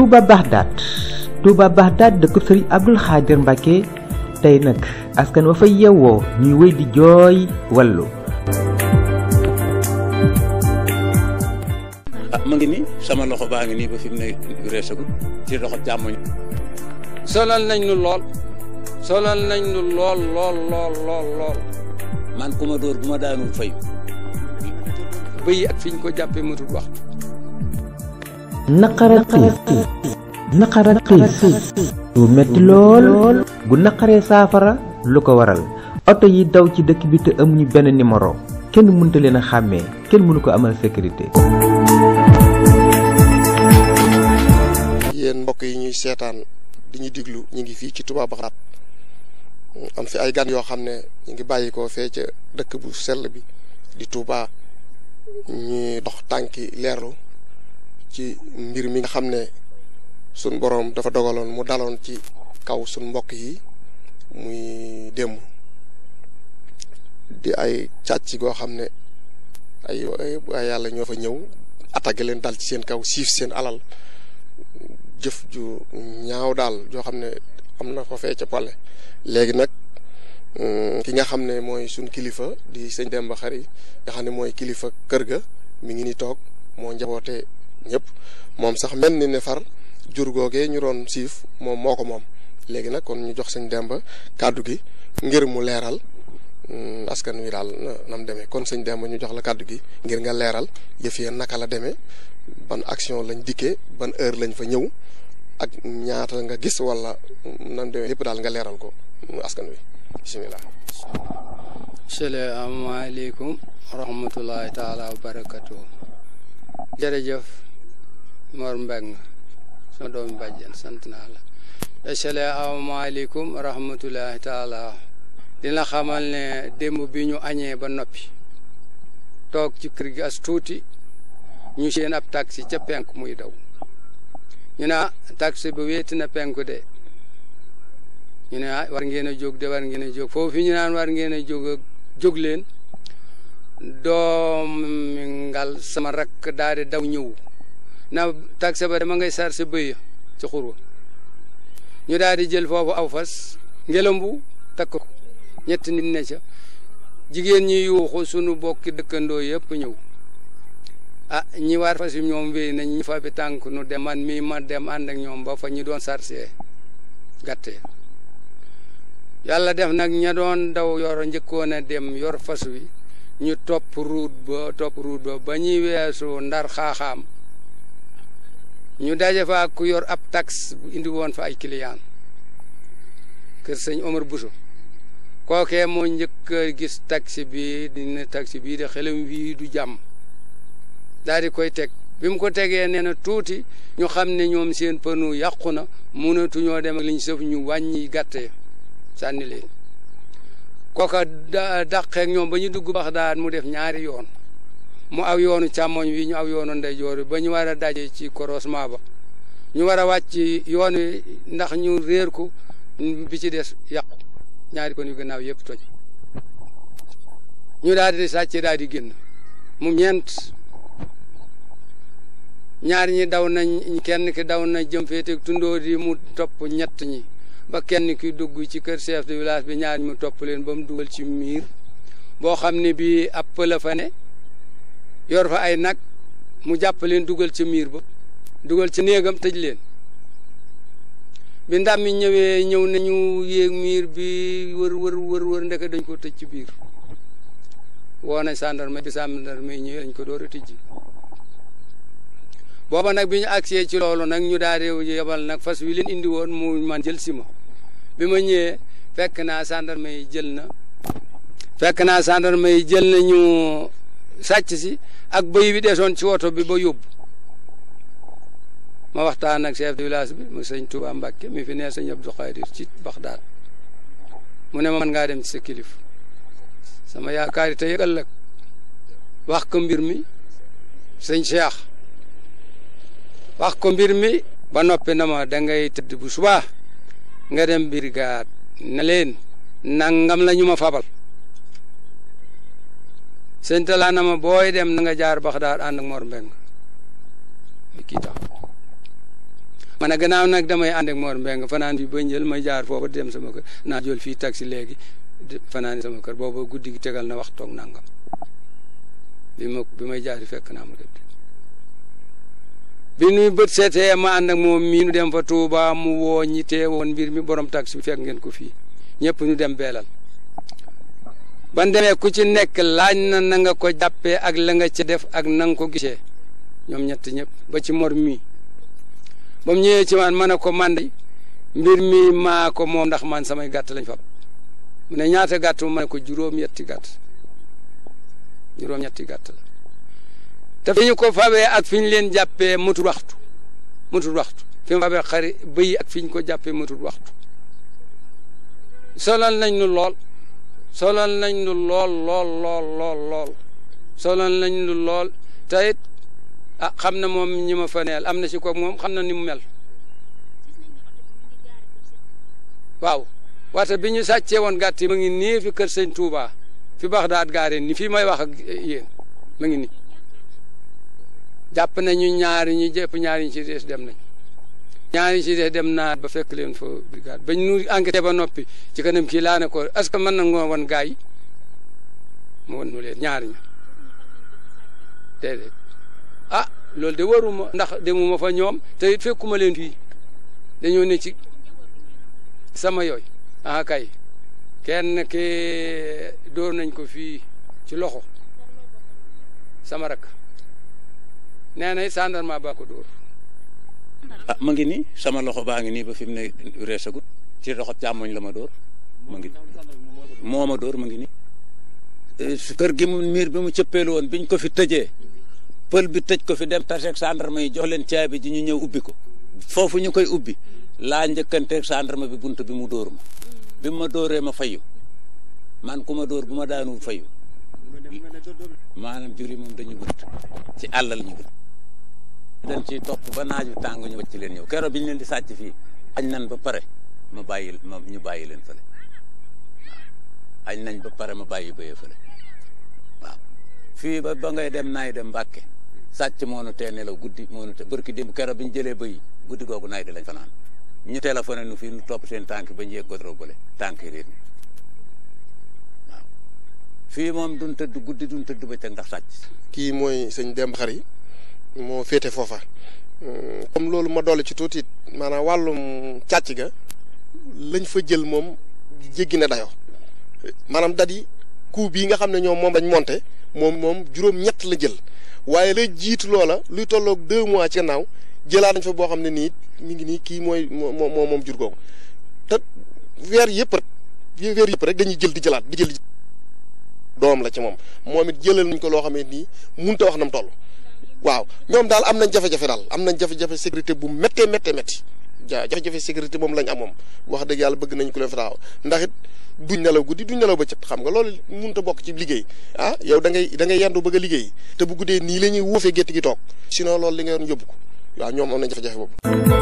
Touba Bahdat Touba Bahdat dëkk Serigne Abdul Khadir Mbake tey nag askan wa fa yewoo ñuy wéy di jooy wallu ah ma ngi nii sama loxo baa ngi nii ba fi mu ne reesagu ci loxo jàmmoñ solal nañ nu lool solal nañ nu lool lool lool lool lool man ku ma door bu ma daanul fay bëyi ak fiñ ko jàppee mu tudd waxtu naqara tiis naqara metti lool gu naqaree saafara lu ko waral oto yi daw ci dëkk bi te amuñu benn numéro kenn leen a xàmmee kenn mënu ko amal sécurité yéen mbokk yi ñuy seetaan di ñu diglu ñu ngi fii ci Touba Bagdad am fi ay gan yoo xam ne ñu ngi bàyyi ko fee dëkk bu sell bi di Touba ñuy dox tànki leerlu ci mbir mi nga xam ne suñ boroom dafa dogaloon mu daloon ci kaw suñ mbokk yi muy démb di ay càcc goo xam ne ay yàlla ñoo fa ñëw attaqué leen dal ci seen kaw siif seen alal jëf ju ñaaw daal joo xam ne am na ko fee ca pale léegi nag mm, ki nga xam ne mooy suñ kilifa di sëñ Demba Xari nga xam ne mooy kilifa kër ga mu ngi ni toog moo njaboote ñëpp moom sax mel ni ne far jur googee ñu doon siif moom moo ko moom léegi nag kon ñu jox sëñ Demba kàddu gi ngir mu leeral mm, askan wi daal na mu demee kon sëñ Demba ñu jox la kàddu gi ngir nga leeral yëf yee naka la demee ban action lañ dikkee ban heure lañ fa ñëw ak ñaata nga gis wala nan demee yëpp daal nga leeral ko mm, askan wi bisimilah. salaamaaleykum rahmatullahi taala wa barakatuh jërëjëf. Mor Mbeng sama doomi bàjjen sant naa la asalaamaaleykum rahmatullahi taala dina xamal ne démb bi ñu añee ba noppi toog ci kër gi as tuuti ñu seen ab taxi ca penk muy daw ñu ne taxi bi wéeti na de ñu ne ah, war ngeen a jóg de war ngeen a jóg foofu ñu naan war ngeen a jóg jóg leen doom ngal sama rakk daal di daw ñëw na taxe ba dama ngay sar sa ci xur ñu daal jël foofu aw fas ngelambu takk ko ñetti nit ne jigéen ñi yuuxu sunu bokki dëkkandoo yëpp ñëw a ah, ñi waar fas ñoom wéy nañ ñi fa bi tànk nu dem mi mii ma dem ànd ak ñoom ba fa ñi doon sarsee gàtte yàlla def nag ña doon daw yor njëkkoon a dem yor fas wi ñu topp ruut ba topp ruut ba ba ñuy weesu ndar xaaxaam ñu daje fa ku yor ab tax bu indi woon fa ay kiliyaan kër sëñ Omar Bousso kooke moo njëkk gis taxi bi dina taxi bii de xelam wii du jàmm daal koy teg bi mu ko tegee nee na tuuti ñu xam ne ñoom seen panu yàqu na mënatuñoo dem ak li ñu sëf ñu wàññi gàtte sànni leen kooka dàqeek ñoom ba ñu dugg Baxdaad mu def ñaari yoon mu aw yoonu càmmoñ wi ñu aw yoonu ndeyjoor bi ba ñu war a daje ci croisement ba ñu war a wàcc yoon wi ndax ñu réer ko bi ci des yàqu ñaari kon yu gannaaw yëpp toj ñu daal di sàcc daal di génn mu ñeent ñaar ñi daw nañ kenn ki daw na jëm féete tundoo di mu top ñett ñi ba kenn ki dugg ci kër chef de village bi ñaar mu topp leen ba mu dugal ci miir boo xam ne bii ab la yor fa ay nag mu jàpp leen dugal ci miir bo dugal ci néegam tëj leen bi ndam mi ñëwee ñëw nañu yéeg miir bi wër wër wër wër ndeke dañ ko tëj ci biir woo nañ gendarme bi gendarme yi ñëwee dañ ko door a booba nag bi ñu agsee ci loolu nag ñu daa yebal nag fas wi leen indi woon mu man jël si bi ma ñëwee fekk naa gendarme yi jël na fekk naa gendarme yi jël nañu sàcc si ak bëy bi desoon ci woto bi ba yóbbu ma waxtaan ak chef de village bi mu sëñ Touba Mbacke mi fi nee sëñ Abdou Khadir ci Baxdaad mu ne ma mën ngaa dem ci sa kilif sama yaakaar tey ëllëg wax ko mbir mi sëñ Cheikh wax ko mbir mi ba noppi na ma da ngay tëdd bu subaa nga dem brigade ne leen nangam la ñu ma fabal seen Talla na ma booy dem na nga jaar Baxdaad ànd ak Mor Mbeng kii tax ma ne gannaaw nag damay ànd ak Mor Mbeng fanaan fi ba njël jaar foofa dem sama kër naa jël fii taxi léegi fanaan sama kër booba guddi gi tegal na wax toog bi ma bi may jaari fekk naa ma dëpp bi nuy bët seetee ma ànd ak moom dem fa Tuuba mu woo ñi teewoon mbir mi borom taxi bi fekk ngeen ko fii ñëpp ñu dem beelal ban demee ku ci nekk laaj na nanga ko jàppee ak la nga ca def ak na ko gisee ñoom ñett ñëpp ba ci mor mi ba mu ñëwee ci man ma ne ko man de mbir mi ma ko moom ndax man samay gàtt lañ fab mu ne ñaata gàtt mu ma ne ko juróom-ñetti gàtt juróom-ñetti gàtt la te fi ko fabee ak fiñ leen jàppee mutul waxtu mutul waxtu fi mu fabee ak fi ko jàppee mutul waxtu solal nañ nu lool solal nañ lu lool lool lool lool lool nañ lu lool te a ah xam na moom ñi ma fa am na si ko moom xam na ni mu mel waaw waate bi ñu sàccee woon gàtt yi ma ngi nii fi kër sëñ Touba fi baax daat gaare ni fii may wax ak yéen ma ngi nii jàpp nañu ñaari ñu jëpp ñaari ñi ci des dem nañ ñaari ci dee dem naa ba fekk leen fa brigade bañ nu enquêté ba noppi ci kanam kii laa ne ko est ce que mën na ngoo wan gaay yi mu wan nu leen ñaari ña déedéet ah loolu de waruma ndax demuma fa ñoom te it fekkuma leen fii dañoo ne ci sama yooyu ah kay kenn ki dóor nañ ko fii ci loxo sama rak nee na sandarma baa ko dóor ah ma ngi nii sama loxo baa ngi nii ba fi mu ne reesagut ci loxo càmmoñ la ma dóor ma ngi moo ma dóor ma ngi nii eh, kër gi mu miir bi mu cëppeelu woon biñ ko fi tëjee pël bi tëj ko fi dem taseeg ma yi jox leen caabi ji ñu ñëw ubbi ko foofu ñu koy ubbi laa njëkkanteeg gendarme bi bunt bi mu dóor ma bi ma dóoree ma fayu man ku ma dóor bu ma daanu fayu maanaam jur yi moom dañu wut ci àllal ñu wut dañ ciy topp ba naaj bi tàng ñu wacc leen ñëw kero bi ñu leen di sàcc fii añ nañ ba pare ma bàyyi ma ñu bàyyi leen fële añ nañ ba pare ma bàyyi bëyee fële waaw fii ba ba ngay dem naay dem Mbàkke sàcc moonu tee nelaw guddi moonu te bërki kero bi ñu jëlee bëy guddi googu naay di lañ fanaan ñu téléphoné nu fii nu top seen tànk bañ ñu yegg godoro bële tànk ni waaw fii moom duñ tëdd guddi duñ tëdd bëccëg ndax sàcc kii mooy sëñ Demba Khary moo féete foofa euh, comme loolu ma dolli ci tuutit maanaam wàllum càcc ga lañ fa jël moom jéggi na dayoo maanaam dat yi bii nga xam ne ñoom moom lañ monté moom moom juróom-ñett la jël waaye lay jiitu loola luy tolloog deux mois ci gannaaw jëlaat nañ fa boo xam ne nii mi ngi nii kii mooy moo moo moom jur googu te weer yëpp rek weer yëpp rek dañuy jël di jëlaat di jël di doom la ci moom moom it jëlal nañ ko loo xam nii nii munta wax na mu toll waaw ñoom daal am nañ jafe-jafe daal am nañ jafe-jafe sécurité bu méttee méttee métti ja jafe-jafe sécurité moom lañ amoom wax dëgg yàlla bëgg nañ ko leen faraaw ndax it duñ nelaw guddi duñ nelaw bëccëg xam nga loolu mun ta bokk ci liggéey ah yow da ngay da ngay yendu bëgg a liggéey te bu guddee nii la ñuy wóofee gétt gi toog sinon loolu li nga yoon yóbbu ko waaw ñoom am nañ jafe-jafe boobu.